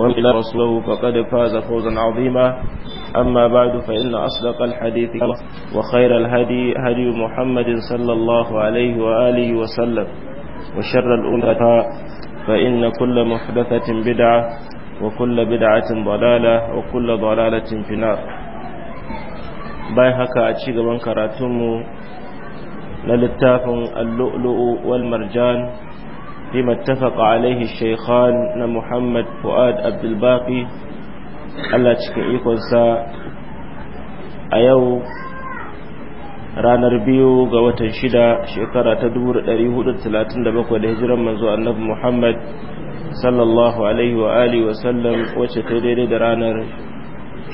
ومن رسله فقد فاز فوزا عظيما أما بعد فإن أصدق الحديث وخير الهدي هدي محمد صلى الله عليه وآله وسلم وشر الأمة فإن كل محدثة بدعة وكل بدعة ضلالة وكل ضلالة في النار باي هكا أتشيق من كراتمه للتاف اللؤلؤ والمرجان فيما اتفق عليه الشيخان na Muhammad Fuad Abdulbaqi Allah cikin ikonsa a yau ranar biyu ga watan shida shekara ta 437 da hijiran manzo annabi Muhammad sallallahu alaihi wa alihi wa sallam wacce ta daidai da ranar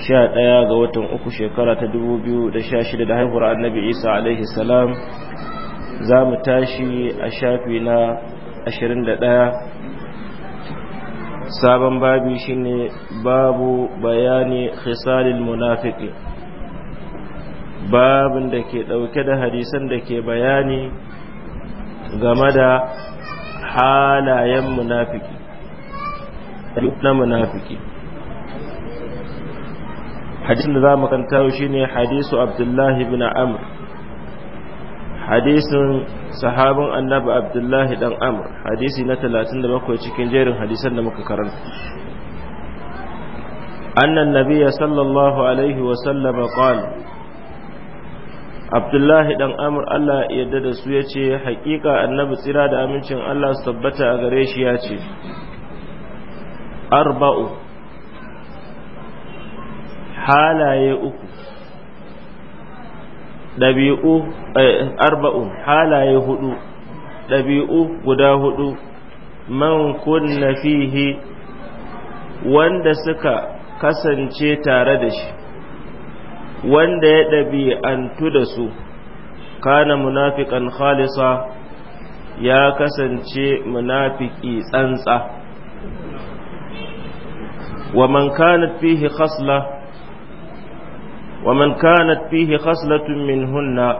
11 ga watan uku shekara ta 2016 da haihuwar annabi Isa alaihi salam za mu tashi a shafi na 21 sabon babi shine babu bayani khisalil munafiki babin da ke ɗauke da hadisan da ke bayani game da halayen munafiki na munafiki hadisin da za mu kanta shine hadisu abdullahi bin amr hadisin sahabin annabi abdullahi dan amr hadisi na 37 cikin jerin hadisan da muka karanta annan Nabiya sallallahu alaihi wa sallama qala abdullahi dan amr Allah ya yarda da su yace hakika annabi tsira da amincin Allah su tabbata a gare shi yace arba'u halaye uku ɗabi'u eh, arba'un halaye hudu ɗabi'u guda hudu man kunna fihi wanda suka kasance tare da shi wanda ya ɗabi'antu da su kana munafiƙan khalisa ya kasance munafiki tsantsa wa man kanat fihi khasla ومن كانت فيه خصلة منهن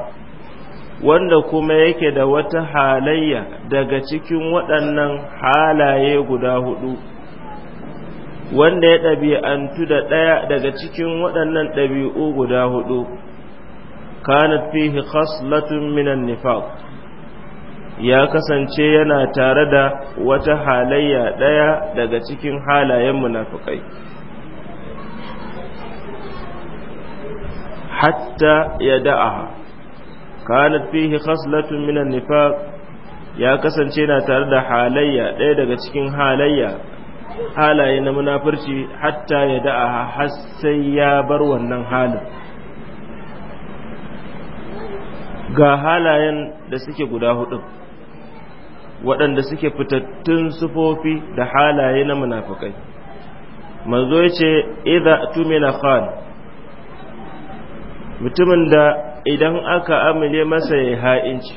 wanda kuma yake da wata halayya daga cikin waɗannan halaye guda hudu wanda ya ɗabi'antu da ɗaya daga cikin waɗannan ɗabi'u guda hudu kanat fihi khaslatun minan nifaq ya kasance yana tare da wata halayya ɗaya daga cikin halayen munafikai hatta ya da'aha kanat fihi khaslatun minan nifaq ya kasance na tare da halayya ɗaya daga cikin halayya halaye na munafurci hatta ya da'aha har ya bar wannan halin ga halayen da suke guda huɗu waɗanda suke fitattun sufofi da halaye na munafukai manzo ya ce idha tumina khan mutumin da idan aka amule masa ya ha'inci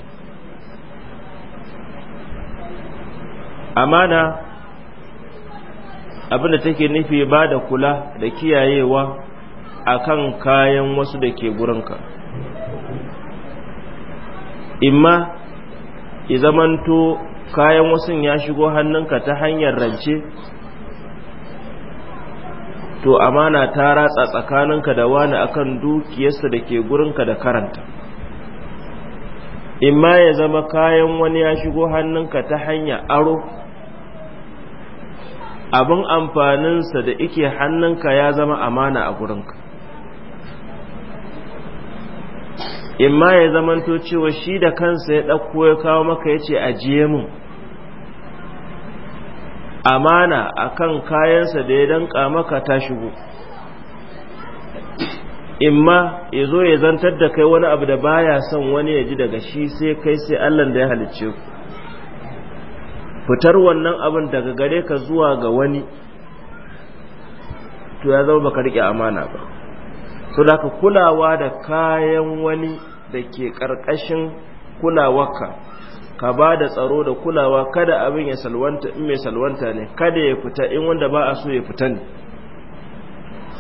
amana abinda take nufi ba da kula da kiyayewa akan kayan wasu da ke gurinka imma ya zamanto kayan wasun ya shigo hannunka ta hanyar rance to amana ta ratsa tsakaninka da wani akan dukiyarsa da ke gurinka da karanta imma ya zama kayan wani ya shigo hannunka ta hanya aro abin amfaninsa da ike hannunka ya zama amana a gurinka imma ya zamanto cewa shi da kansa ya ɗauko ya kawo maka ya ce ajiye mun amana akan kayansa da ya danka maka ta shigo imma ya zo ya zantar da kai wani abu da baya son wani ya ji daga shi sai kai sai allan da ya halicce ku fitar wannan abin daga gare ka zuwa ga wani to ya zama baka rike amana ba so da ka kulawa da kayan wani da ke ƙarƙashin kulawarka ka ba da tsaro da kulawa kada abin ya salwanta in mai salwanta ne kada ya fita in wanda ba a so ya fita ne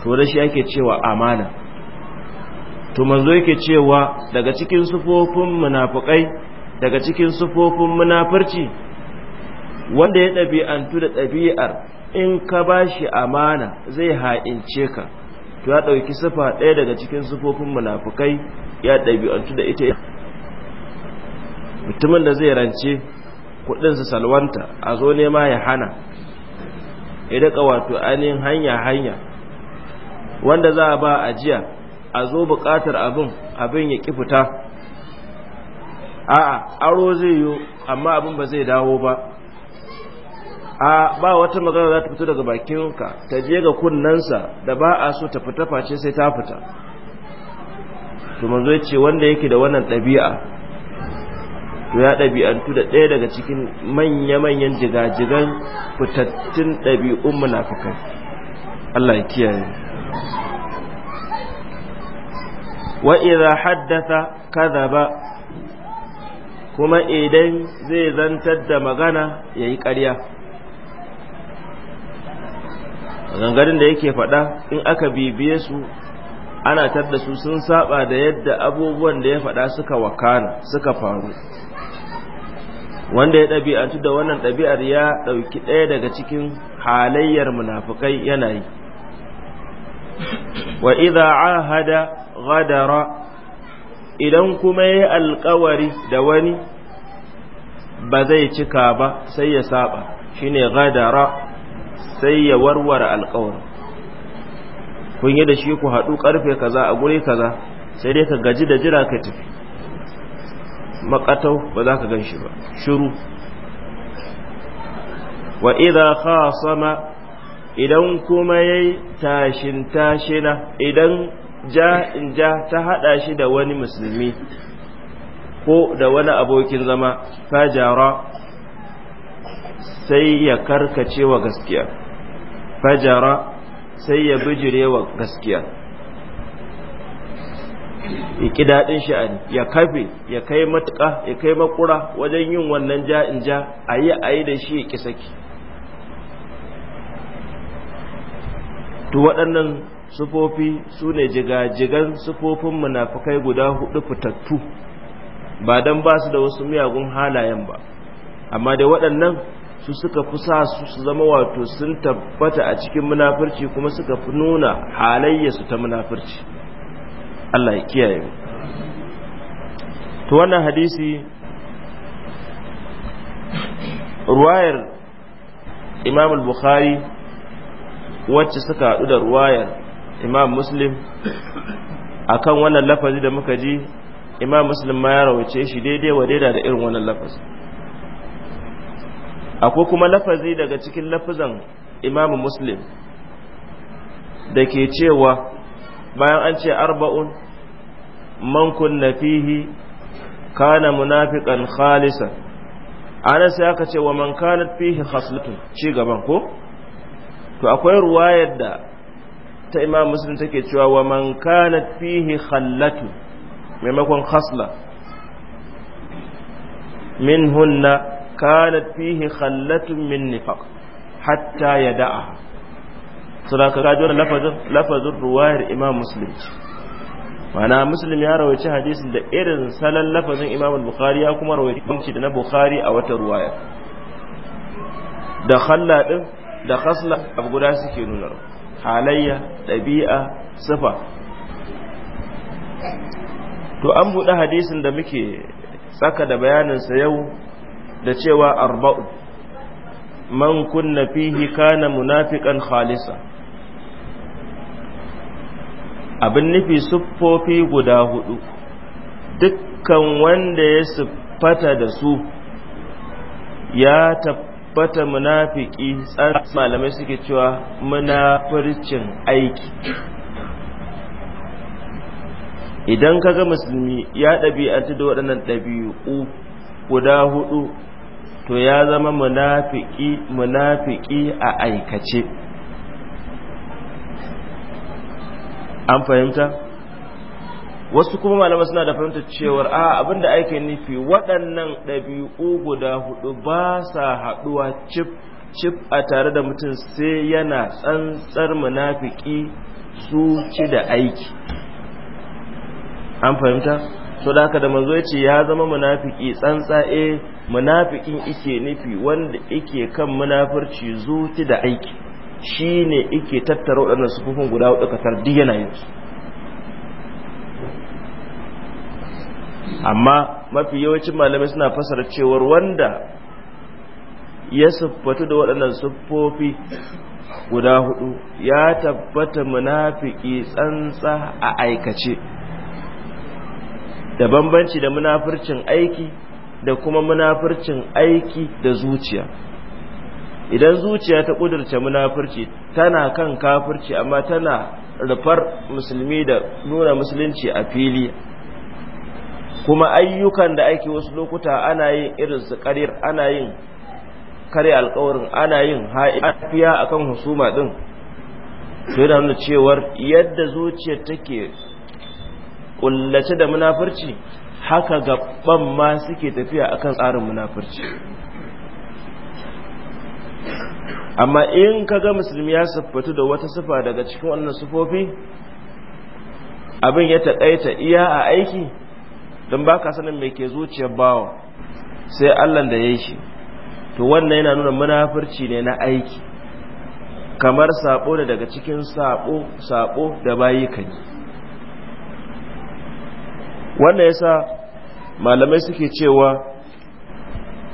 to da shi ake cewa amana to manzo yake cewa daga cikin sufofin munafukai daga cikin sufofin munafurci wanda ya ɗabi'antu da ɗabi'ar in ka ba shi amana zai ha'ince ka to ya ɗauki sufa ɗaya daga cikin sufofin munafukai ya ɗabi'antu da ita mutumin da zai rance kudinsa salwanta a zo nema ya hana idan ka wato ainihin hanya-hanya wanda za a ba ajiya a zo bukatar abin abin ya ki fita a'a aro zai yi amma abin ba zai dawo ba a ba wata magana za ta fito daga bakinka ta je ga kunnansa da ba a so ta fita face sai ta fita to manzo ce wanda yake da wannan ɗabi'a to ya ɗabi'antu da ɗaya daga cikin manya-manyan jigajigan fitattun ɗabi'un munafukai Allah ya kiyaye wa idza haddatha kadhaba kuma idan zai zantar da magana yayi ƙarya gangarin da yake faɗa in aka bibiye su ana tarda su sun saba da yadda abubuwan da ya faɗa suka wakana suka faru wanda ya ɗabi'antu da wannan ɗabi'ar ya ɗauki ɗaya daga cikin halayyar munafukai yanayi. yi wa idza ahada ghadara idan kuma yayi alkawari da wani ba zai cika ba sai ya saba shine ghadara sai ya warware alkawari kun yi da shi ku haɗu karfe kaza a guri kaza sai dai ka gaji da jira ka tafi makatau ba za ka gan shi ba shiru wa idha khasama idan kuma yayi tashin tashina idan ja in ja ta hada shi da wani musulmi ko da wani abokin zama fajara sai ya karkace wa gaskiya fajara sai ya bijire wa gaskiya ya daɗin sha'ani ya kafe ya kai matuƙa ya kai makura wajen yin wannan ja'in ja a yi a yi da shi ya ki saki to waɗannan sufofi su ne jigajigan sufofin munafukai guda hudu fitattu ba don ba su da wasu miyagun halayen ba amma da waɗannan su suka fi sa su su zama wato sun tabbata a cikin munafurci kuma suka fi nuna halayya su ta munafurci Allah ya kiyaye mu to wannan hadisi ruwayar imam al-bukhari wacce suka haɗu da ruwayar imam muslim akan wannan lafazi da muka ji imam muslim ma ya rawace shi daidai wa daidai da irin wannan lafazi akwai kuma lafazi daga cikin lafazan imam muslim da ke cewa bayan an ce arba'un man kunna fihi kana munafiqan khalisan Anas sai aka ce wa man kanat fihi khaslatun ci gaban ko to akwai ruwayar da ta imam muslim take cewa wa man kanat fihi khallatu maimakon khasla minhunna kanat fihi khallatun min nifaq hatta yada'a ka gaji wani lafazin ruwayar imam muslim ce mana muslim ya rawaci hadisin da irin salon lafazin imam bukari ya kuma rawaci bamci da na bukari a wata ruwayar da khalla da khasla abu guda suke nuna halayya ɗabi'a sifa to an buɗe hadisin da muke tsaka da bayaninsa yau da cewa arba'u man kunna fihi kana munafiqan khalisa abin nufi siffofi guda hudu dukkan wanda ya siffata da su ya tabbata munafiki tsar malamai suke cewa munafircin aiki idan ka ga musulmi ya ɗabi'atu da waɗannan ɗabi'u guda hudu to ya zama munafiki munafiki a aikace an fahimta wasu kuma malama suna da fahimtar cewar a abinda ake nufi waɗannan ɗabi'u guda hudu ba sa haɗuwa cif cip a tare da mutum sai yana tsantsar munafiki ci da aiki an fahimta so da haka da manzo ya ce ya zama munafiki tsantsa eh munafikin ike nufi wanda ike kan munafurci zuci da aiki shi ne ike tattara waɗannan sufufin guda hudu kasar duk yanayinsu amma mafi yawancin malamai suna fasara cewar wanda ya siffatu da waɗannan siffofi guda hudu ya tabbata munafiki tsantsa a aikace da bambanci da munafircin aiki da kuma munafircin aiki da zuciya idan zuciya ta kudurce munafurci tana kan kafirci amma tana rufar musulmi da nuna musulunci a fili kuma ayyukan da ake wasu lokuta ana yin irin su karir ana yin kare alkawarin ana yin ha'ifiya akan husuma ɗin. sai da nuna cewar yadda zuciyar take kullace da munafurci haka gaban ma suke tafiya akan tsarin munafurci amma in ka ga musulmi ya siffatu da wata siffa daga cikin wannan sufofi abin ya taƙaita iya a aiki don ba ka sanin mai ke zuciyar bawa sai allan da ya shi to wannan yana nuna munafurci ne na aiki kamar sabo da daga cikin sabo saɓo da bayi ka yi. wannan ya sa malamai suke cewa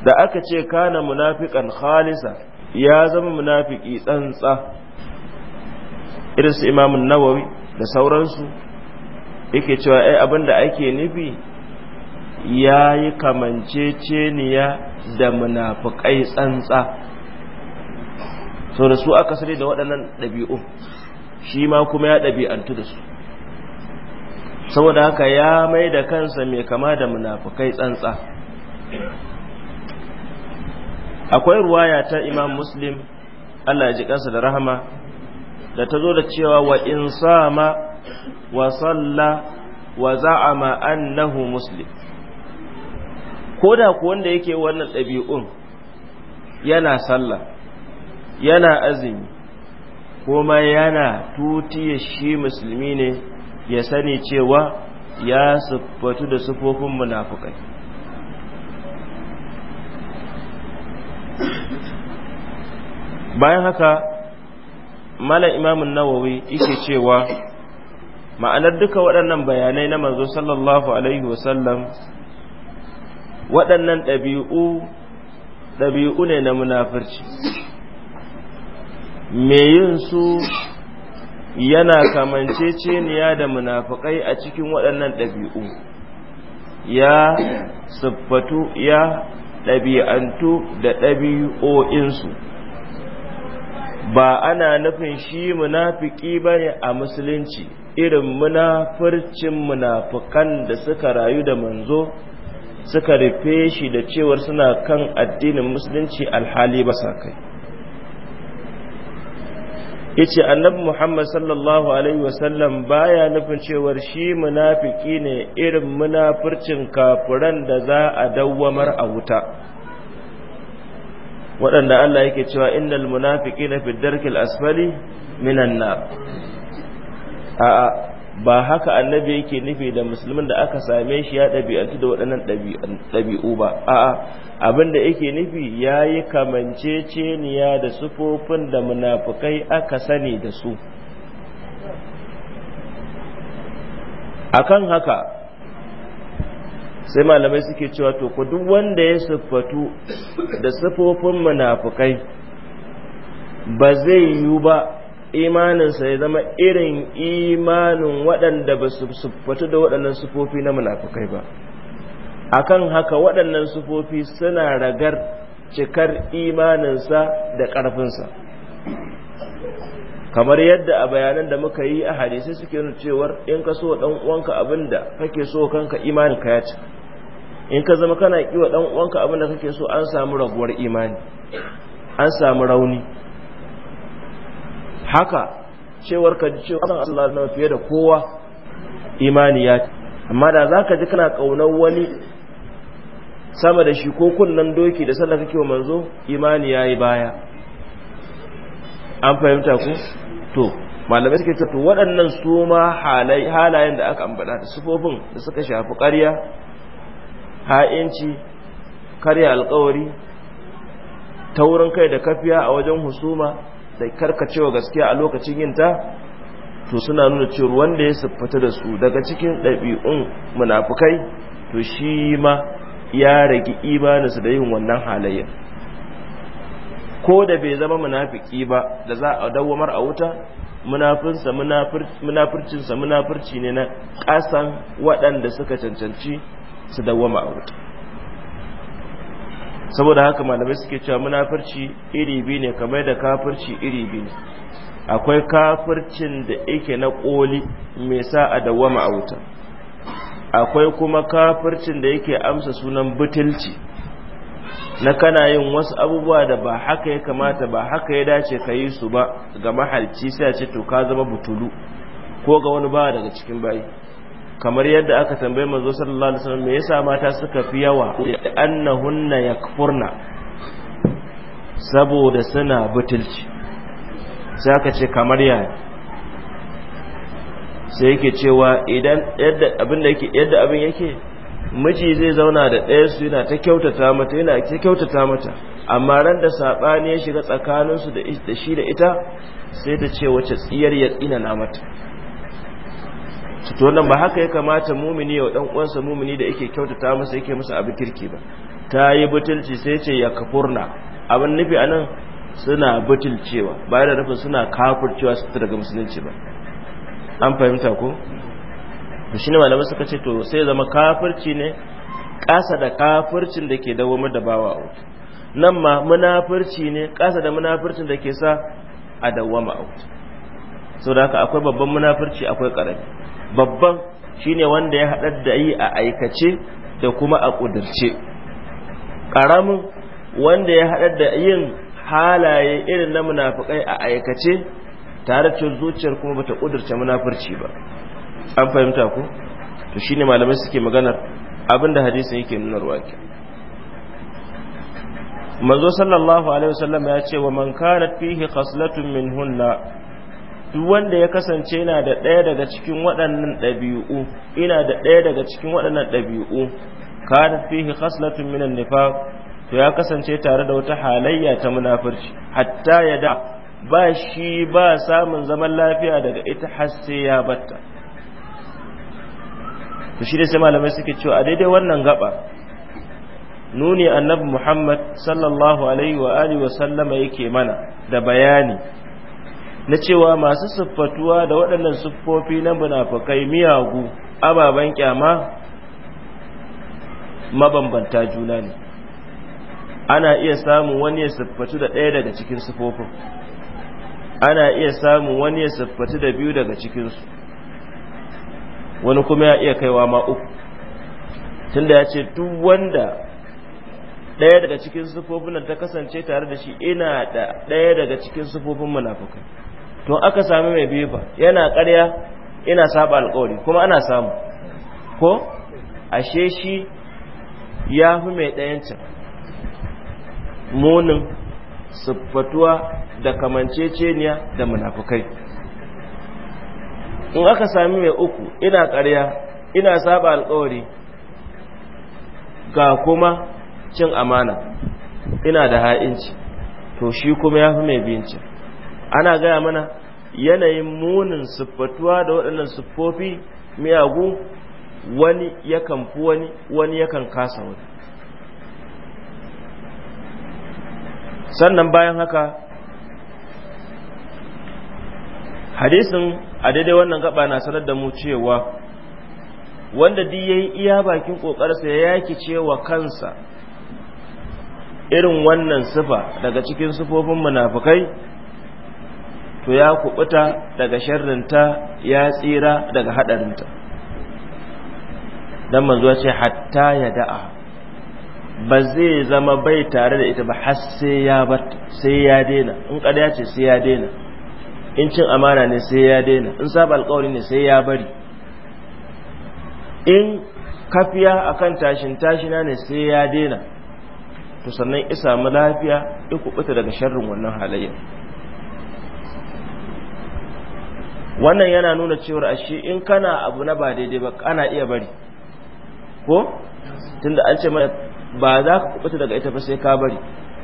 da aka ce kana munafikan khalisa ya zama munafiki tsantsa irin su imamun nawawi da sauransu yake cewa ai eh, abin da ake nufi ya yi kamanceceniya da munafikai tsantsa sau da su aka sani da waɗannan ɗabi'u shi ma kuma ya ɗabi'antu da su saboda haka ya mai da kansa mai kama da munafikai tsantsa akwai ruwaya ta imam muslim Allah ya ji kansa da rahama da ta zo da cewa wa in sama wa salla wa za'ama annahu muslim ko da ku wanda yake wannan ɗabi'un yana sallah yana azumi kuma yana ya shi musulmi ne ya sani cewa ya siffatu da sufofin munafukai bayan haka malam imamun nawawi yake cewa ma'anar duka waɗannan bayanai na manzo sallallahu alaihi wasallam waɗannan ɗabi'u ɗabi'u ne na munafurci me yin su yana kamanceceniya da munafukai a cikin waɗannan ɗabi'u ya siffatu ya ɗabi'antu da ɗabi'o'insu ba ana nufin shi munafiki ba ne a musulunci irin munafircin munafukan da suka rayu da manzo suka rufe shi da cewar suna kan addinin musulunci alhali ba sa kai yace annabi Muhammad sallallahu alaihi wasallam baya nufin cewa shi munafiki ne irin munafircin kafiran da za a dawwamar a wuta waɗanda Allah yake cewa innal munafiqina fid darkil asfali minan nar a'a ba haka annabi yake nufi da musulmin da aka same shi ya ɗabi'antu da waɗannan ɗabi'u ba a'a abin da yake nufi ya yi kamanceceniya da sufofin da munafukai aka sani da su A kan haka sai malamai suke cewa to ku duk wanda ya siffatu da sufofin munafukai ba zai yiwu ba imaninsa ya zama irin imanin waɗanda ba su sufatu da waɗannan sufofi na munafukai ba akan haka waɗannan sufofi suna ragar cikar imaninsa da ƙarfinsa kamar yadda a bayanan da muka yi a hadisai suke nuna cewar in ka so dan uwanka abin kake so kanka imanin ka ya ci in ka zama kana kiwa dan uwanka abin kake so an samu raguwar imani an samu rauni haka cewar ka ji cewa Allah na fiye da kowa imani ya amma da za ka ji kana kaunar wani sama da shi ko kunnan doki da sallah kake wa manzo imani yi baya an fahimta ku to malamai suke cewa to waɗannan su ma halayen da aka ambata da sufofin da suka shafi ƙarya ha'inci karya alƙawari taurin kai da kafiya a wajen husuma da karkacewa gaskiya a lokacin yinta to suna nuna cewa wanda ya siffata da su daga cikin ɗabi'un munafukai to shi ma ya ragi imaninsu da yin wannan halayen. ko da bai zama munafiki ba da za a dawamar a wuta munafinsa munafircinsa munafirci ne na ƙasan waɗanda suka cancanci su dawama a wuta saboda haka malamai suke cewa munafirci iri biyu ne kamar da kafirci iri biyu ne akwai kafircin da yake na ƙoli mai sa a dawama a wuta akwai kuma kafircin da yake amsa sunan butulci na kana yin wasu abubuwa da ba haka ya kamata ba haka ya dace ka yi su ba ga mahalci sai a ce to ka zama butulu ko ga wani ba daga cikin bayi kamar yadda aka tambaye manzo sallallahu alaihi wasallam me yasa mata suka fi yawa annahunna yakfurna saboda suna butulci sai aka ce kamar ya sai yake cewa idan yadda abin da yake yadda abin yake miji zai zauna da ɗaya su yana ta kyautata mata yana ta kyautata mata amma ran da sabani ya shiga tsakaninsu da shi da ita sai ta ce wace tsiyar ya tsina na mata to nan ba haka ya kamata mumini ya dan uwansa mumini da yake kyautata masa yake masa abin kirki ba ta yi butulci sai ce ya kafurna abin nufi anan suna butulcewa ba da nufin suna kafurcewa su daga musulunci ba an fahimta ko to shine malama suka ce to sai zama kafirci ne kasa da kafircin da ke dawo da bawa auta nan ma munafirci ne kasa da munafircin da ke sa a dawwama auta sau da haka akwai babban munafirci akwai ƙarami babban shine wanda ya haɗar da yi a aikace da kuma a ƙudurce ƙaramin wanda ya haɗar da yin halaye irin na munafukai a aikace tare da zuciyar kuma bata ƙudurce munafurci ba an fahimta ku to shine malamai suke maganar abinda hadisin yake nunarwa ke manzo sallallahu alaihi wasallam ya ce wa man kanat fihi khaslatun minhunna duk wanda ya kasance yana da ɗaya daga cikin waɗannan ɗabi'u ina da ɗaya daga cikin waɗannan ɗabi'u kana fihi khaslatun minan nifaq to ya kasance tare da wata halayya ta munafurci hatta ya da ba shi ba samun zaman lafiya daga ita har ya batta to shi da sai malamai suke cewa a daidai wannan gaba nuni annabi Muhammad sallallahu alaihi wa alihi wa sallama yake mana da bayani na cewa masu siffatuwa da waɗannan siffofi na munafakai miyagu ababen kyama mabambanta juna ne ana iya samun wani ya siffatu da ɗaya daga cikin siffofin ana iya samun wani ya siffatu da biyu daga cikinsu wani kuma ya iya kaiwa ma uku tunda ya ce duk wanda ɗaya daga cikin siffofin nan ta kasance tare da shi ina da ɗaya daga cikin siffofin munafukai to aka sami mai biyu fa yana ƙarya ina saba alƙawari kuma ana samu ko ashe shi ya fi mai ɗayancin munin siffatuwa da kamanceceniya da munafukai in aka sami mai uku ina ƙarya ina saba alƙawari ga kuma cin amana ina da ha'inci to shi kuma ya fi mai biyancin ana gaya mana yanayin munin siffatuwa da waɗannan siffofi miyagu wani yakan fi wani wani yakan kasa wani sannan bayan haka hadisin a daidai wannan gaba na sanar da mu cewa wanda duk yi iya bakin kokarsa ya yaki cewa kansa irin wannan sifa daga cikin sifofin munafukai to ya kubuta daga sharrinta ya tsira daga hadarinta dan manzo ce hatta ya da'a ba zai zama bai tare da ita ba har sai ya bar sai ya daina in kada ya ce sai ya daina in cin amana ne sai ya daina in saba alƙawari ne sai ya bari in kafiya akan tashin tashina ne sai ya daina to sannan isa mu lafiya ya kubuta daga sharrin wannan halayya wannan yana nuna cewar ashe in kana abu na ba daidai ba kana iya bari ko tunda an ce mana ba za ka kubuta daga ita ba sai ka bari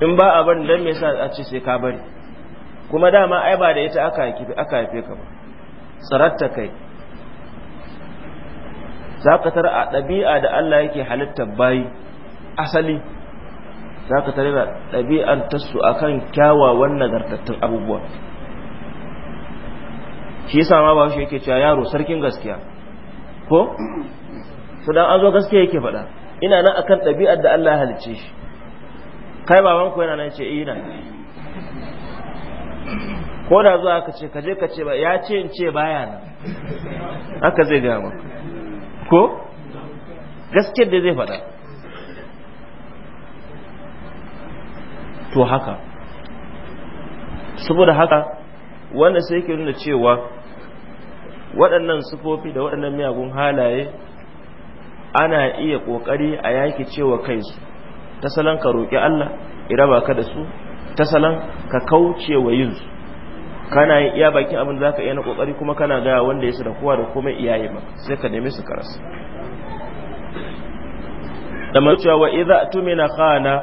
in ba a bari dan me yasa a ce sai ka bari kuma dama ai ba da ita aka aka haife ka ba tsaratta kai za ka tara a ɗabi'a da Allah yake halitta bayi asali za ka tara da ɗabi'ar tasu akan kyawawan nagartattun abubuwa shi yasa ma ba shi yake cewa yaro sarkin gaskiya ko su dan an zo gaskiya yake faɗa ina nan akan ɗabi'ar da Allah halicce shi kai baban ku yana nan ce eh, ina ko da zuwa ka ce kaje ka ce ba ya ce in ce baya nan haka zai gaya maka ko gaskiyar da zai faɗa to haka saboda haka Wannan sai ke nuna cewa waɗannan sufofi da waɗannan miyagun halaye ana iya ƙoƙari a yaki cewa kai su ta salon ka roƙi Allah ba ka da su ta salon ka kauce wa yin su kana yi iya bakin abin da zaka iya na ƙoƙari kuma kana ga wanda ya su da kowa da komai iyaye ba sai ka nemi su karas da mutuwa wa idza tumina khana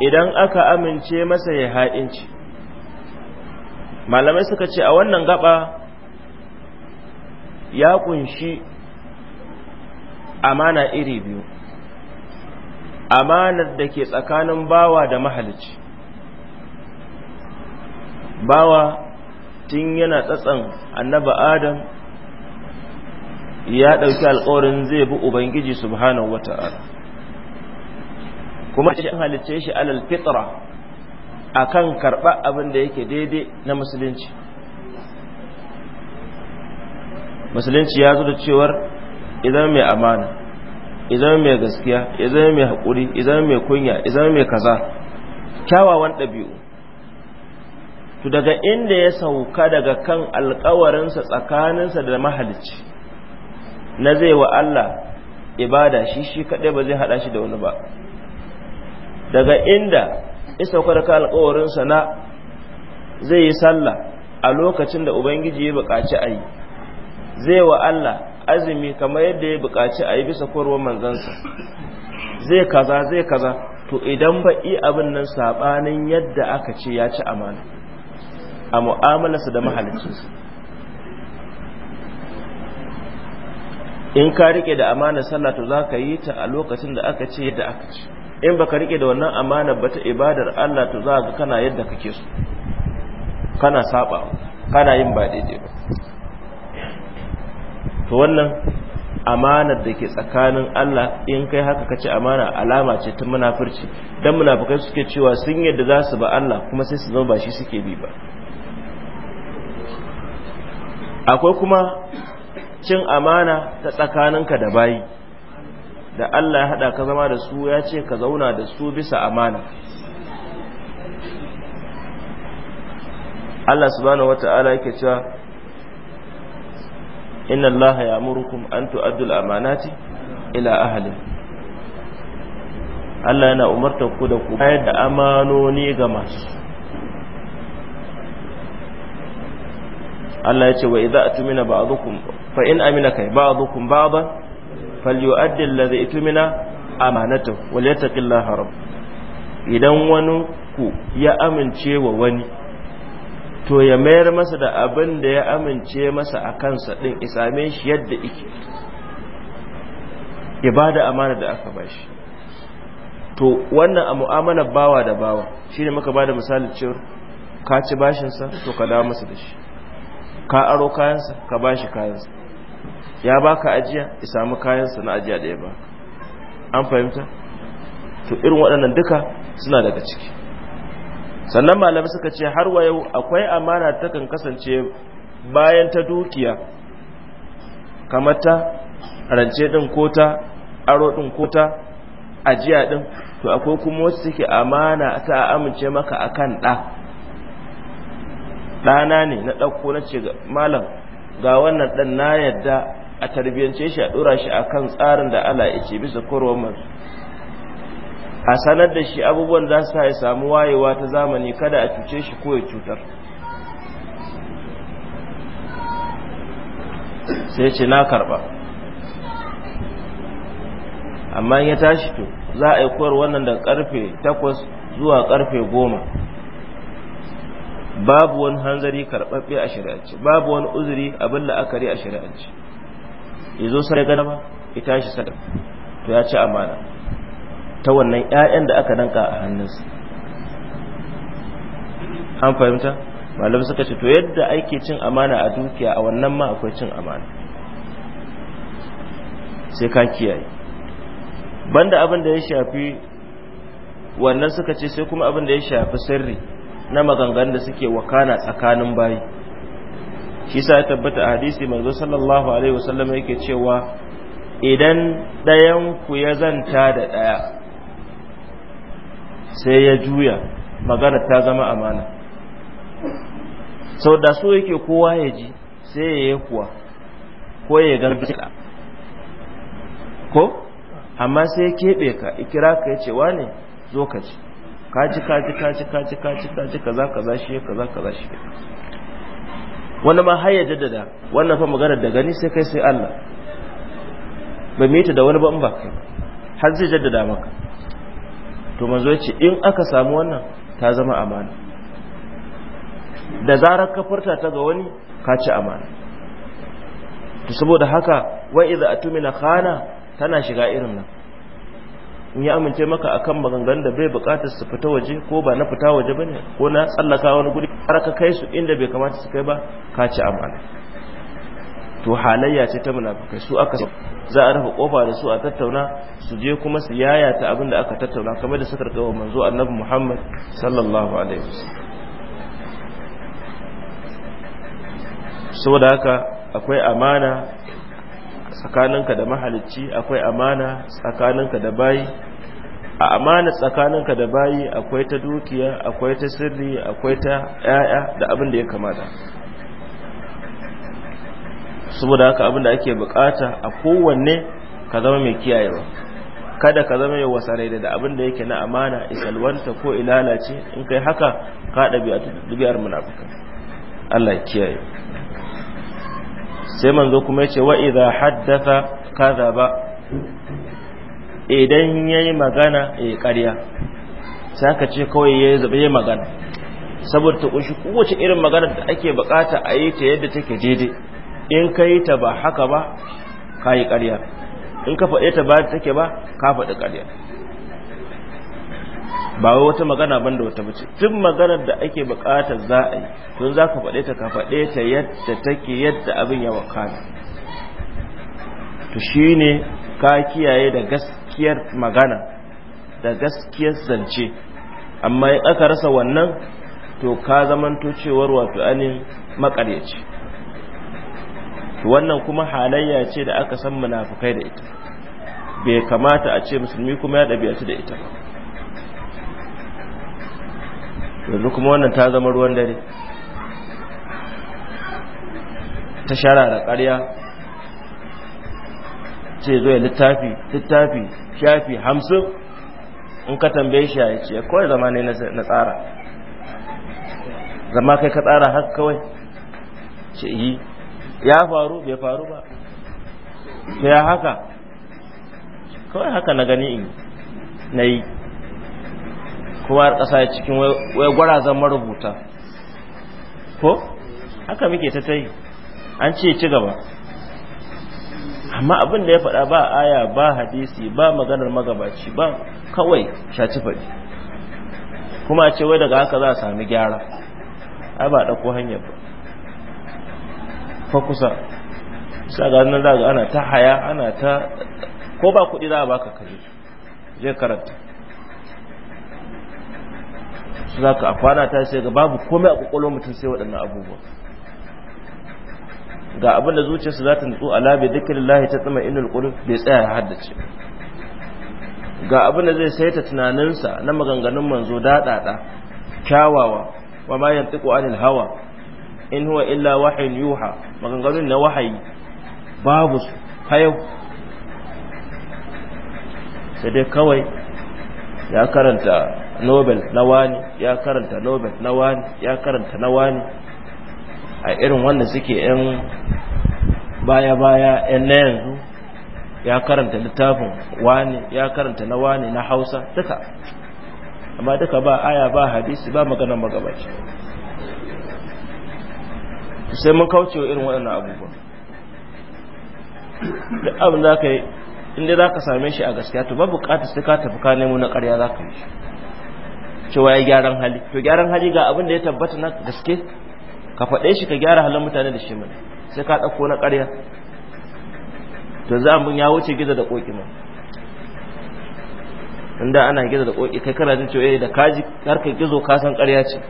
idan aka amince masa ya ha'inci malamai suka ce a wannan gaba ya kunshi amana iri biyu amanar da ke tsakanin bawa da mahalici bawa tun yana tsatsan annaba adam ya ɗauki alƙawarin zai bi ubangiji subhanahu wata'ala kuma shi halicce shi alal fitra akan karɓa abin da yake daidai na musulunci musulunci ya zo da cewar idan mai amana idan mai gaskiya idan mai haƙuri idan mai kunya idan mai kaza kyawawan ɗabi'u to daga inda ya sauka daga kan alkawarinsa tsakaninsa da mahalicci na zai wa Allah ibada shi shi kaɗai ba zai haɗa shi da wani ba daga inda ka alƙawarin sa na zai yi sallah a lokacin da ubangiji ya buƙaci a yi zai wa Allah azumi kamar yadda ya buƙaci ayi bisa korwar manzansa zai kaza zai kaza to idan ba i abin nan saɓanin yadda aka ce ya ci amana a mu'amalarsa da mahalicinsa in ka riƙe da amana sallah to za ka yi ta a lokacin da aka ce yadda aka ce in baka rike da wannan amana ba ta ibadar Allah to za ka kana yadda kake so kana saba kana yin ba daidai ba to wannan amanar da ke tsakanin Allah in kai haka kace amana alama ce ta munafurci dan munafukai suke cewa sun yadda za su ba Allah kuma sai su zama ba shi suke bi ba akwai kuma cin amana ta tsakaninka da bayi da Allah ya hada ka zama da su ya ce ka zauna da su bisa amana Allah subhanahu wata'ala yake cewa inna Allah ya'murukum an tu'addu al-amanati ila ahli Allah yana umarta ku da ku bayar da amanoni ga masu Allah ya ce wa idza atmina ba'dukum fa in amina kai ba'dukum ba'dan falyu'addi allazi itumina amanatahu wal yattaqillaha rabb idan wani ku ya amince wa wani to ya mayar masa da abin da ya amince masa a kansa din isame shi yadda yake ibada amana da aka bashi to wannan a mu'amalar bawa da bawa shine muka bada misali cewa ka ci bashinsa to ka dawo masa da shi ka aro kayansa ka bashi kayansa ya baka ajiya ya samu kayansa na ajiya da ya ba an fahimta to irin waɗannan duka suna daga ciki sannan malamai suka ce har wa yau akwai amana ta kan kasance bayan ta dukiya kamar ta rance ɗin ko ta aro ɗin ko ta ajiya ɗin to akwai kuma wasu suke amana ta amince maka akan ɗa ɗana ne na ɗauko na ce malam ga wannan dan na yadda a tarbiyance shi a dora shi a kan tsarin da Allah ya ce bisa korwar masu a sanar da shi abubuwan za su ya samu wayewa ta zamani kada a cuce shi ko ya cutar sai ce na karba amma ya tashi to za a yi koyar wannan da karfe 8 zuwa karfe 10 babu wani hanzari karɓaɓɓe a shari'ance babu wani uzuri abin la'akari a shari'ance ya zo sarai gana ba ya tashi sadar to ya ci amana ta wannan 'ya'yan da aka danka a hannunsa an fahimta malam suka ce to yadda ake cin amana a dukiya a wannan ma akwai cin amana sai ka kiyaye banda abin da ya shafi wannan suka ce sai kuma abin da ya shafi sirri na maganganu da suke wakana tsakanin bayi shi sa ya tabbata a hadisi manzo sallallahu alaihi wasallam yake cewa idan ɗayan ku ya zanta da ɗaya sai ya juya magana ta zama amana sau da so yake kowa ya ji sai ya yi kuwa ko ya gangata ko amma sai ya keɓe ka ikira ka ya ce wa ne zo ka ci kaji kaji kaji kaji kaji kaji kaza kaza shi kaza kaza shi wani ma hayya jaddada wannan fa maganar da gani sai kai sai Allah ba mai ta da wani ba in ba kai har zai jaddada maka to manzo ya ce in aka samu wannan ta zama amana da zarar ka furta ta ga wani ka ci amana to saboda haka wa idza atumina khana tana shiga irin nan in ya amince maka akan maganganu da bai bukatar su fita waje ko ba na fita waje bane ko na tsallaka wani guri har ka kai su inda bai kamata su kai ba ka ci amana to halayya ce ta munafikai su aka za a rufe kofa da su a tattauna su je kuma su yayata abin da aka tattauna kamar da suka wa manzo annabi Muhammad sallallahu alaihi wasallam saboda haka akwai amana tsakaninka da mahalicci akwai amana tsakaninka da bayi a amana tsakaninka da bayi akwai ta dukiya akwai ta sirri akwai ta yaya da abin da ya kamata saboda haka abin da ake bukata a kowanne ka zama mai kiyayewa kada ka zama yawa sarai da abin da yake na amana isalwanta ko ilalace in kai haka ka dubiyar munafuka Allah ya kiyaye sai manzo kuma yace wa idza haddatha kadhaba idan yayi magana ya ƙarya sai ce kawai yayi zabe yayi magana saboda ta kunshi kowace irin magana da ake bukata a yi ta yadda take daidai in ka ta ba haka ba ka ƙarya in ka faɗe ta ba take ba ka faɗi ƙarya ba wai wata magana ban da wata bace duk maganar da ake bukatar za a yi to za ka faɗe ta ka faɗe ta yadda take yadda abin ya wakana to shine ka kiyaye da gaskiyar magana da gaskiyar zance amma in aka rasa wannan to ka zamanto cewar wato anin makaryaci wannan kuma halayya ce da aka san munafukai da ita bai kamata a ce musulmi kuma ya ɗabi'atu da ita yanzu kuma wannan ta zama ruwan dare ta shara da ƙarya ce zo ya littafi littafi shafi hamsin in ka tambaye shi ya ce kawai zama ne na tsara zama kai ka tsara haka kawai ce yi ya faru bai faru ba ta ya haka kawai haka na gani in na yi kuma har ƙasa cikin wai gwarazan marubuta ko haka muke ta ta yi an ce ci gaba amma abin da ya faɗa ba aya ba hadisi ba maganar magabaci ba kawai shaci faɗi kuma ce wai daga haka za a sami gyara ai ba ɗauko hanyar ba fa kusa sa ga nan za ana ta haya ana ta ko ba kuɗi za a baka kaje je karanta za ka afana ta sai ga babu komai a kwakwalwar mutum sai waɗannan abubuwa ga abin da zuciyarsa za ta nutsu a labe dukkan lillahi ta tsama inul qulub bai tsaya ya haddace ga abin da zai saita tunaninsa na maganganun manzo daɗaɗa kyawawa wa ma yantiqu anil hawa in huwa illa wahyin yuha maganganun na wahayi babu su hayau sai dai kawai ya karanta nobel na wani ya karanta nobel na wani ya karanta na wani a irin wanda suke yan baya-baya yan na yanzu ya karanta littafin wani ya karanta na wani na hausa duka amma duka ba aya ba hadisi ba magana magabaci sai mun kauce wa irin waɗannan abubuwa. duk abin za ka yi inda za ka same shi a gaskiya to babu bukatar sai ka tafi ka nemo na ƙarya za ka yi shi cewa ya gyaran hali to gyaran hali ga abin da ya tabbata na gaske ka faɗe shi ka gyara halin mutane da shi mana sai ka ɗauko na ƙarya to za mun ya wuce gida da ƙoƙi mu inda ana gida da ƙoƙi kai kana jin cewa eh, da kaji har ka gizo ka san ƙarya ce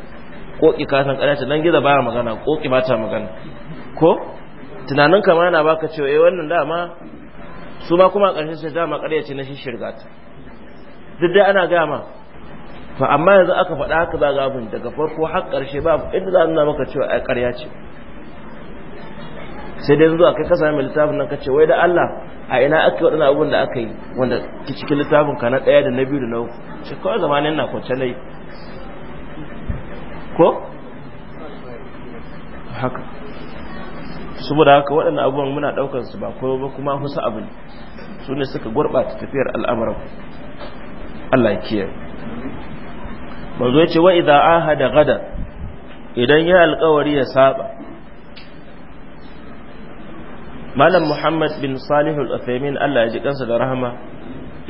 ƙoƙi ka san ƙarya ce dan gida baya magana ƙoƙi ba ta magana ko tunanin ka ma na baka cewa eh wannan dama su ma kuma ƙarshen sai dama ƙarya ce na shirga ta duk dai ana gaya ma fa amma yanzu aka faɗa haka ba ga abin daga farko har ƙarshe ba inda za nuna maka cewa ai ƙarya ce sai dai zuwa kai ka sami littafin nan ka ce wai da Allah a ina aka yi waɗannan da aka yi wanda ki cikin littafin ka na ɗaya da na biyu da na uku ce kawai zamanin na kwance nai ko haka saboda haka waɗannan abubuwan muna ɗaukar su ba ko ba kuma husa abin su ne suka gurɓata tafiyar al'amuran Allah ya kiyaye manzo ya ce wa idza hada gada idan ya alƙawari ya saba malam muhammad bin salih al-uthaymin Allah ya ji kansa da rahama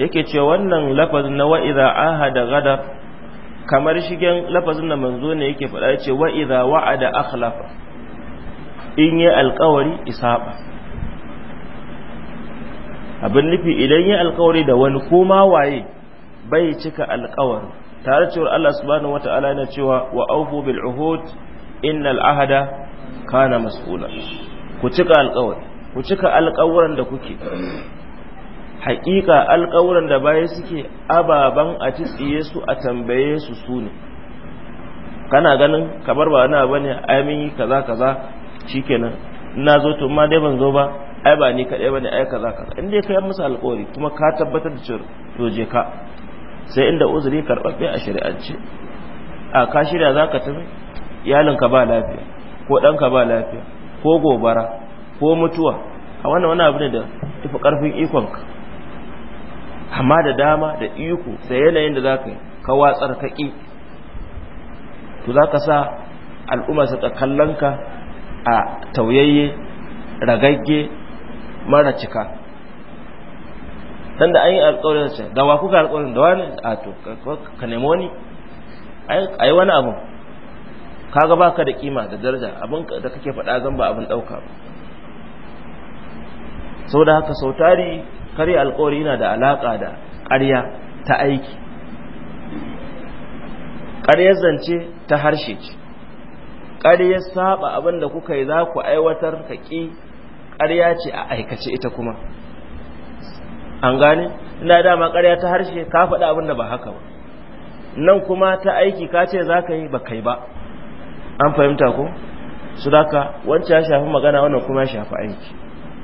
yake ce wannan lafazin na wa idza hada gada kamar shigen lafazin da manzo ne yake faɗa ya ce wa idza wa'ada akhlafa in ya alƙawari isaba abin nufi idan ya alƙawari da wani koma waye bai cika alƙawari tare cewa Allah subhanahu wataala yana cewa wa aufu bil uhud innal ahada kana mas'ula ku cika alƙawari ku cika alƙawuran da kuke haƙiƙa alƙawuran da baya suke ababan a tsiye su a tambaye su su ne kana ganin kamar ba wani abu ne ai mun yi kaza kaza shikenan ina zo to ma dai ban zo ba ai ba ni kadai bane ai kaza kaza in dai kai musu alƙawari kuma ka tabbatar da cewa to je ka sai inda uzuri karɓaɓɓe a shari'ance a ka shirya za ka tafi iyalinka ba lafiya ko ɗanka ba lafiya ko gobara ko mutuwa a wannan wani abu ne da tafi ƙarfin ikonka amma da dama da iko sai yanayin da za ka yi ka watsar ka ƙi to za ka sa al'umma su kallonka a tauyayye ragagge mara cika sanda an yi alƙawarin sai da wa kuka alƙawarin da wani a to ka nemi wani ai wani abu kaga baka da kima da daraja abin da kake faɗa zan ba abin ɗauka ba da haka sautari kare alƙawari yana da alaƙa da ƙarya ta aiki ƙaryar zance ta harshe ce ƙaryar saba abin da kuka yi za ku aiwatar ka ƙi ƙarya ce a aikace ita kuma an gane ina dama ƙarya ta harshe ka faɗi abin da ba haka ba nan kuma ta aiki ka ce za ka yi ba kai ba an fahimta ko su daka wancan ya shafi magana wannan kuma ya shafi aiki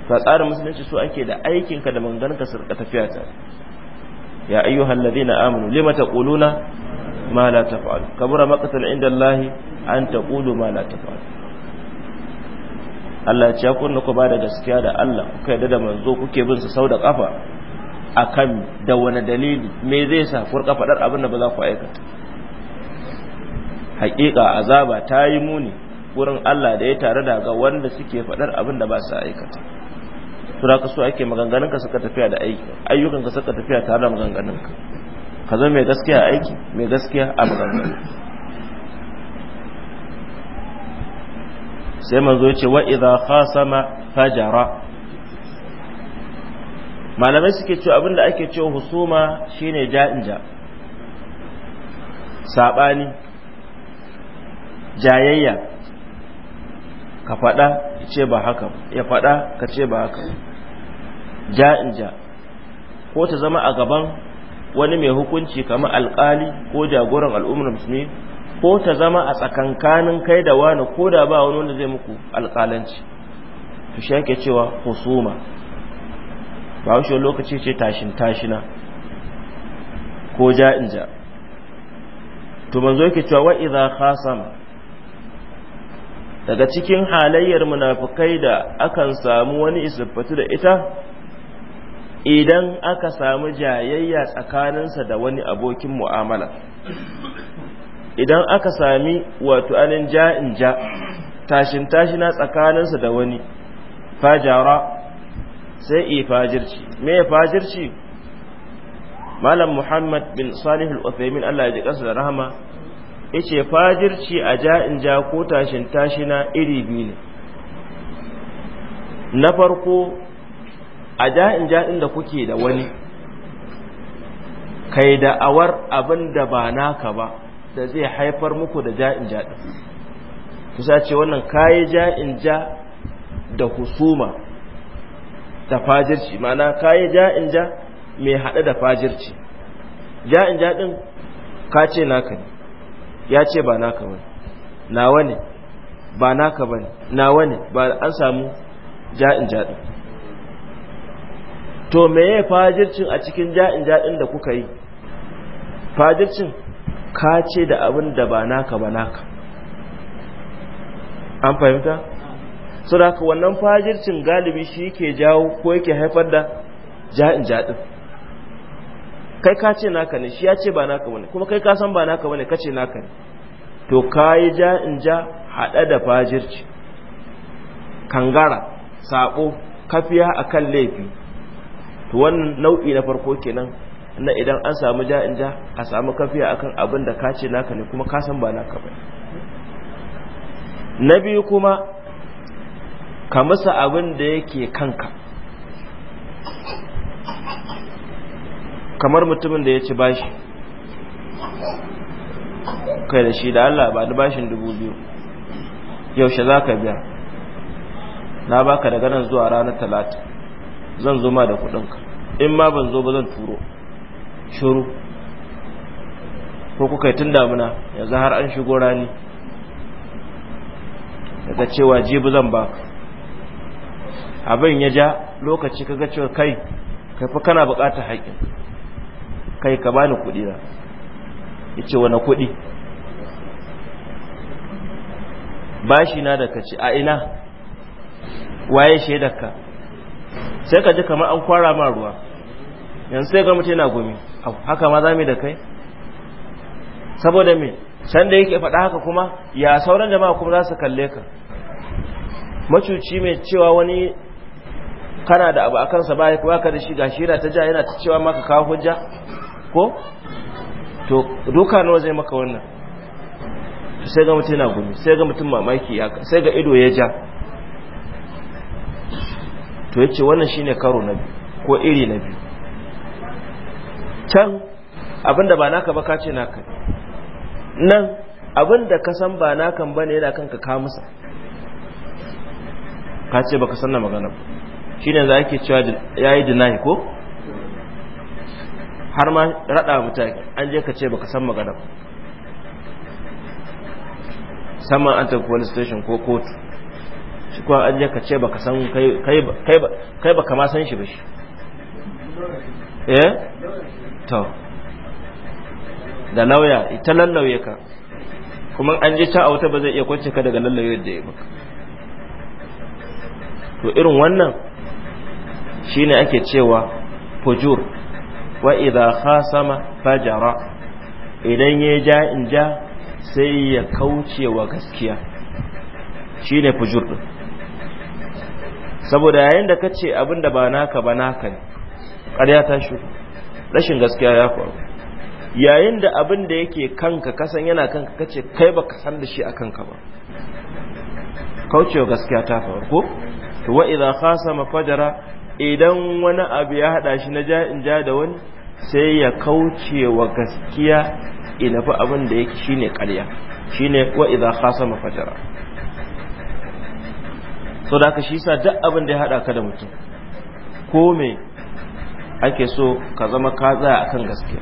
ta tsarin musulunci su ake da aikinka da maganganunka su rika tafiya ta ya ayyuhal ladina amanu lima taquluna ma la taf'alu kabura maqtan inda Lahi an taqulu ma la taf'alu Allah ya ce ku bada gaskiya da Allah kuka yarda da manzo kuke bin su sau da kafa akan da wani dalili me zai sa furka faɗar abin da ba za ku aikata haƙiƙa azaba ta yi muni wurin Allah da ya tare da ga wanda suke faɗar abin da ba su aikata tura ka so ake maganganun ka suka tafiya da aiki ayyukan ka suka tafiya tare da maganganun ka ka zo mai gaskiya a aiki mai gaskiya a maganganun sai manzo ya ce wa idza khasama fajara malamai suke cewa abin da ake cewa husuma shine ja'inja saɓani jayayya ka faɗa ce ba haka ya faɗa ka ce ba haka ja'inja ko ta zama a gaban wani mai hukunci kamar alƙali ko jagoran al'ummar musulmi ko ta zama a tsakankanin kai da wani ko da ba wani wanda zai muku alƙalanci to shi yake cewa husuma ba lokaci ce tashin tashina ko ja in ja to manzo yake cewa wa idza khasam daga cikin halayyar munafikai da akan samu wani isfatu da ita idan aka samu jayayya tsakaninsa da wani abokin mu'amala idan aka sami wato anin ja'in ja tashin tashina tsakaninsa da wani fajara sai yi fajirci me fajirci malam muhammad bin salih al-uthaymin Allah ya ji kasa da rahama yace fajirci a ja'in ja ko tashin tashina iri biyu ne na farko a ja'in ja'in da kuke da wani kai da awar abin da ba naka ba da zai haifar muku da ja'in ɗin. kusa ce wannan kayi ja'in ja da husuma da fajirci mana kayi ja'in ja mai haɗe da fajirci ja'in ja ɗin ka ce naka ne ya ce ba naka ba nawa ne ba naka ba nawa ne ba an samu ja'in ja ɗin to meye fajircin a cikin ja'in ja ɗin da kuka yi fajircin ka ce da abin da ba naka ba naka an fahimta su da wannan fajircin galibi shi ke jawo ko yake haifar da ja'in jaɗin kai ka ce naka ne shi ya ce ba naka bane kuma kai ka san ba naka bane ka ce naka ne to ka yi ja'in ja haɗe da fajirci kangara saƙo kafiya a kan laifi to wannan nau'i na farko kenan na idan an samu ja'in ja a samu kafiya akan abin da ka ce naka ne kuma ka san ba naka bane na biyu kuma ka masa abin da yake kanka kamar mutumin da ya ci bashi kai da shi da Allah ba da bashin dubu biyu yaushe za ka biya na baka daga nan zuwa ranar talata zan zo ma da kudinka in ma ban zo ba zan turo shuru ko kuka yi tun damuna yanzu har an shigo rani daga cewa jibi zan baka abin ya ja lokaci kaga cewa kai kai fa kana buƙatar haƙƙin kai ka bani kuɗi na yace wani kuɗi bashi na da ci a ina waye ka sai ka ji kamar an kwara ma ruwa yanzu sai ga mutum yana gumi haka ma za mu da kai saboda me san da yake faɗa haka kuma ya sauran jama'a kuma za su kalle ka macuci mai cewa wani kana da abu a kansa ba ya ka da shi gashi yana ta ja yana ta cewa maka kawo hujja ko to doka nawa zai maka wannan sai ga mutum yana gumi sai ga mutum mamaki ya sai ga ido ya ja to yace wannan shine karo na biyu ko iri na biyu can abinda ba naka ba ka ce naka nan abinda ka san ba nakan bane yana kanka ka musa ka ce baka san na magana ba shine za ke cewa ya yi dinahi ko har ma rada mutaki an je ka ce baka san magana saman an tafi police station ko kotu shi kuwa an je ka ce baka san kai baka ma san shi ba shi eh to da lauya ita lallauye ka kuma an je ta a wata ba zai iya kwance ka daga lallauye da ya baka to irin wannan shine ake cewa fujur wa idha khasama fajara idan ya ja in ja sai ya kauce wa gaskiya shine fujur saboda yayin da kace abin da ba naka ba naka ne ƙarya ta shi rashin gaskiya ya faru yayin da abin da yake kanka kasan yana kanka kace kai baka san da shi a kanka ba kaucewa gaskiya ta faru ko to wa idza khasama fajara idan wani abu ya hada shi na ja'in ja da wani sai ya kauce wa gaskiya inafi abin da yake shine ƙarya shine wa idza khasama fajara so da ka shi sa duk abin da ya hada ka da mutum ko me ake so ka zama ka tsaya akan gaskiya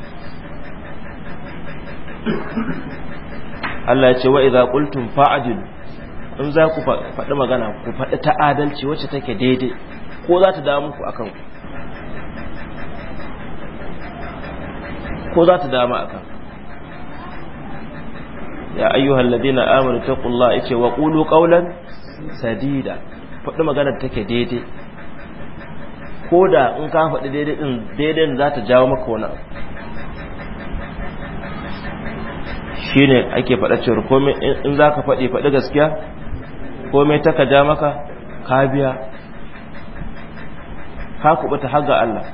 Allah ya ce wa idza qultum fa'dilu in za ku faɗi magana ku faɗi ta adalci wacce take daidai ko za ta dawo muku akan ku ko za ta dama akan ya ayyuhal ladina amanu taqullaha yace wa qulu qawlan sadida faɗi magana take daidai ko da in ka faɗi daidai din daidai za ta jawo maka wani shine ake fada cewa komai in zaka faɗi faɗi gaskiya komai ta ka ja maka ka biya ka kubuta har ga Allah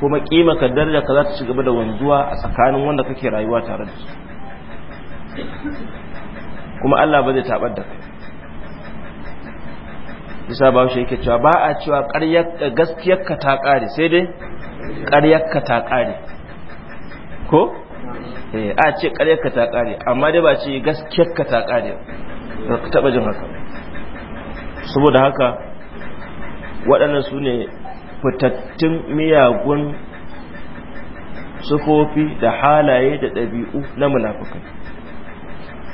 kuma kima ka darja ka za ta ci gaba da wanzuwa a tsakanin wanda kake rayuwa tare da su kuma Allah ba zai tabar da kai isa ba shi yake cewa ba a cewa gaskiyar ka ta kare sai dai ƙaryar ka ta kare ko eh a ce ƙaryar ka ta kare amma dai ba ce gaskiyar ka ta kare ba ka taba jin haka saboda haka waɗannan su ne fitattun miyagun sufofi da halaye da ɗabi'u na munafukai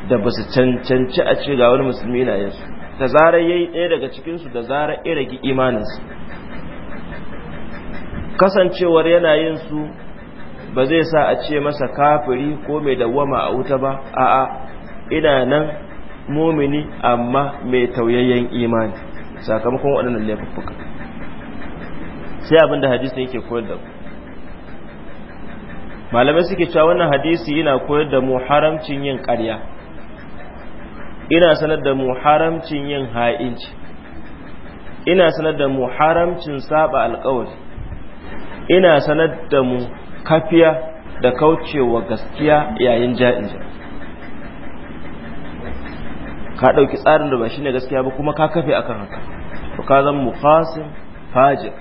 da ba su cancanci a ce ga wani musulmi na yasu ta zarar yayi ɗaya daga cikinsu da zarar ya imaninsu kasancewar yana yin su ba zai sa a ce masa kafiri ko mai dawwama a wuta ba a'a ina nan mumini amma mai tauyayyen imani sakamakon waɗannan laifuffuka sai abin da hadisi yake koyar da malamai suke cewa wannan hadisi yana koyar da mu haramcin yin ƙarya ina sanar da mu haramcin yin ha'inci ina sanar da mu haramcin saba alƙawari ina sanar da mu kafiya da kaucewa gaskiya yayin ja'ija ka ɗauki tsarin da ba shi ne gaskiya ba kuma ka kafe akan haka to ka zan mukasin fajir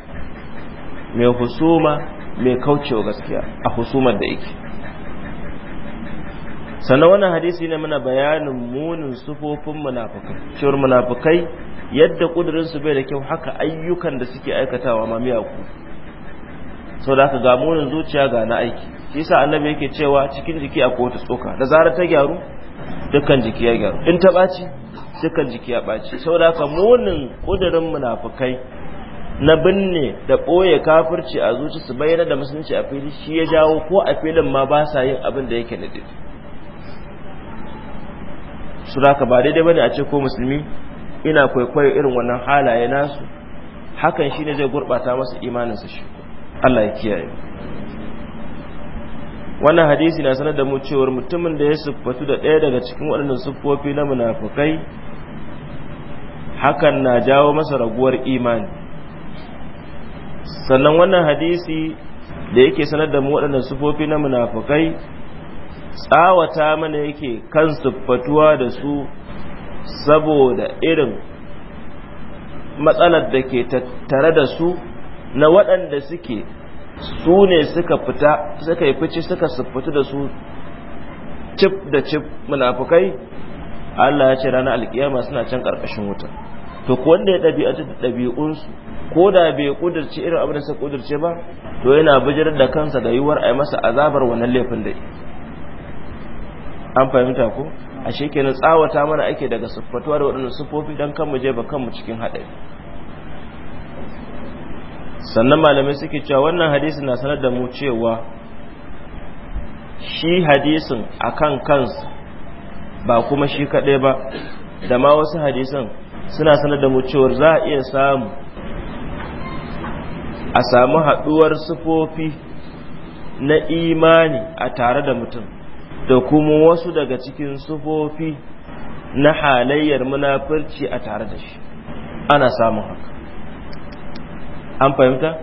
mai husuma mai kaucewa gaskiya a husumar da yake sannan wannan hadisi ne muna bayanin munin sufofin munafukai cewar munafukai yadda kudurinsu bai da kyau haka ayyukan da suke aikatawa ma miyaku sau da aka ga munin zuciya ga na aiki shi sa annabi yake cewa cikin jiki a kowace tsoka da zarar ta gyaru dukkan jiki ya gyaru in ta ɓaci dukkan jiki ya ɓaci saboda ka munin ƙudurin munafukai na binne da ɓoye kafirci a zuci su bayyana da musulunci a fili shi ya jawo ko a filin ma ba sa yin abin da yake na daidai su da ba daidai bane a ce ko musulmi ina kwaikwayo irin wannan halaye nasu hakan shine zai gurɓata masu imaninsa shi Allah ya kiyaye mu. wannan hadisi na sanar da mu cewar mutumin da ya siffatu da ɗaya daga cikin waɗannan siffofi na munafukai hakan na jawo masa raguwar imani sannan wannan hadisi da yake sanar da mu waɗannan siffofi na munafukai tsawata mana yake kan siffatuwa da su saboda irin matsalar da ke tattare da su na waɗanda suke su ne suka fita suka yi fice suka suffutu da su cif da cif munafukai Allah ya ce ranar alkiyama suna can karkashin wuta to ko wanda ya ɗabi'atu da ɗabi'unsu ko da bai kudurce irin abin da suka kudurce ba to yana bijirar da kansa da yiwuwar a yi masa azabar wannan laifin da an fahimta ko ashe kenan tsawata mana ake daga siffatuwa da waɗannan siffofi don kan mu je ba kanmu cikin haɗari sannan malamai suke cewa wannan hadisi na sanar da mu cewa shi hadisin akan kansa ba kuma shi kaɗai ba da ma wasu hadisin suna sanar da mu cewa za a iya samu a samu haɗuwar sufofi na imani a tare da mutum da kuma wasu daga cikin sufofi na halayyar munafurci a tare da shi ana samun haka an fahimta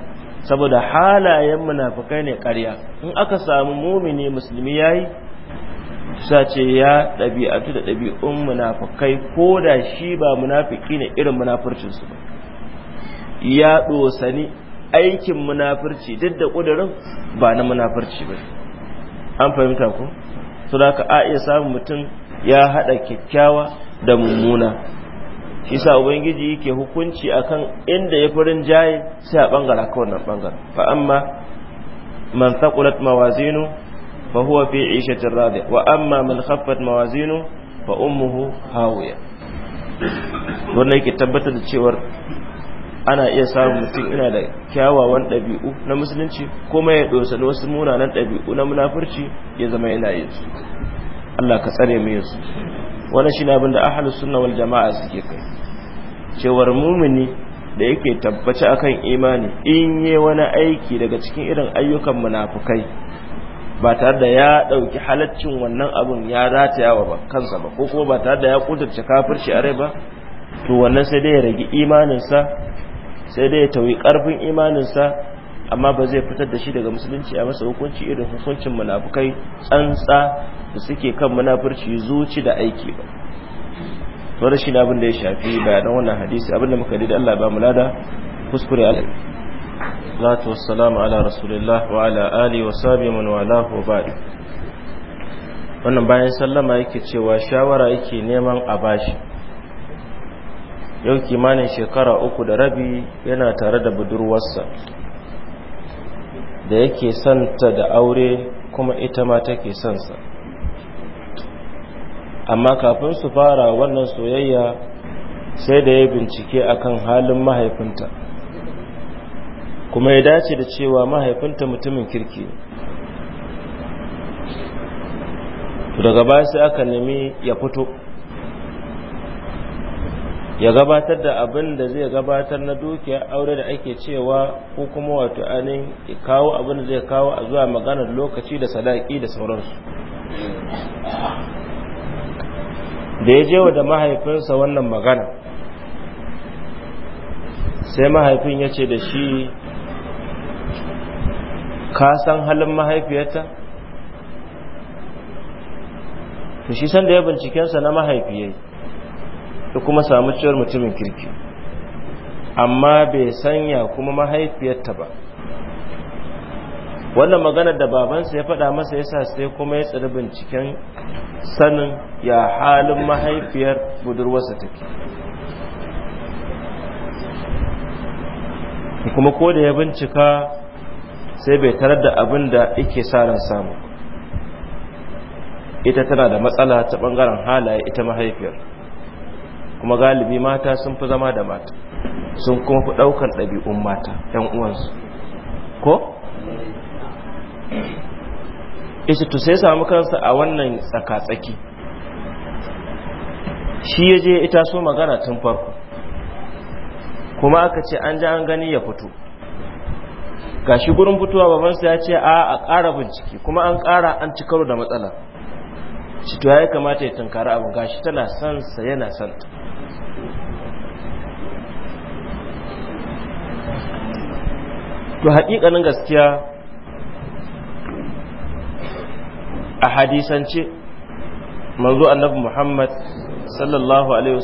saboda halayen munafikai ne ƙarya in aka samu mumini musulmi yayi sa ce ya ɗabi'atu da ɗabi'un munafikai ko da shi ba munafiki ne irin su ba ya ɗosani aikin munafirci duk da ƙudurin ba na munafirci ba an fahimta ko su ka a iya samun mutum ya haɗa kyakkyawa da mummuna shi sa ubangiji yake hukunci akan inda ya furin jaye sai a bangara ka wannan bangar fa amma man thaqulat mawazinu fa huwa fi 'ishatin radiya wa amma man khaffat mawazinu fa ummuhu hawiya wannan yake tabbatar da cewar ana iya samun mutum ina da kyawawan ɗabi'u na musulunci kuma ya dosa da wasu munanan ɗabi'u na munafurci ya zama yana yin su Allah ka tsare mu yin su wani shi na da ahalus sunna wal jama'a suke kai cewar mumini da yake tabbaci akan imani in yi wani aiki daga cikin irin ayyukan munafukai ba tare da ya ɗauki halaccin wannan abun ya rataya wa kansa ba ko kuma ba tare da ya kudurce kafirci a rai ba to wannan sai dai ya rage imaninsa sai dai ya tauyi ƙarfin imaninsa amma ba zai fitar da shi daga musulunci a masa hukunci irin hukuncin munafukai tsantsa da suke kan munafurci zuci da aiki ba to shi na abin da ya shafi bayanan wannan hadisi abin da muka da Allah ba mu lada kuskure Allah wasu wassalamu ala rasulillah wa ala ali wa sahbihi man wala wa ba'd wannan bayan sallama yake cewa shawara yake neman a bashi yau kimanin shekara uku da rabi yana tare da budurwarsa da yake ta da aure kuma ita ma take sa, amma kafin su fara wannan soyayya sai da ya bincike akan halin mahaifinta kuma ya dace da cewa mahaifinta mutumin kirki daga baya sai aka nemi ya fito ya gabatar da abin da zai gabatar na dukiya aure da ake cewa ko kuma wato anin kawo abin da zai kawo a zuwa maganar lokaci da sadaki da sauransu da ya je wa da mahaifinsa wannan magana sai mahaifin ya ce da shi ka san halin mahaifiyarta to shi san ya bincikensa na mahaifiyai da kuma samu cewar mutumin kirki amma bai sanya kuma mahaifiyarta ba wannan maganar da babansa ya faɗa masa yasa sai kuma ya tsiri binciken sanin ya halin mahaifiyar budurwarsa take kuma ko da ya bincika sai bai tarar da abin da ike sa ran samu ita tana da matsala ta bangaren halaye ita mahaifiyar kuma galibi mata sun fi zama da mata sun kuma fi ɗaukar ɗabi'un mata ‘yan uwansu ko? isi to sai samu kansa a wannan tsaka-tsaki shi ya je ita so magana tun farko kuma aka ce an ji an gani ya fito ga shi gurin fitowa babansa ya ce a a ƙara bincike kuma an ƙara an ci karo da matsala shi to ya kamata ya tunkari abin gashi tana son sa yana son ta to haƙiƙanin gaskiya a hadisance manzo annabi Muhammad sallallahu alaihi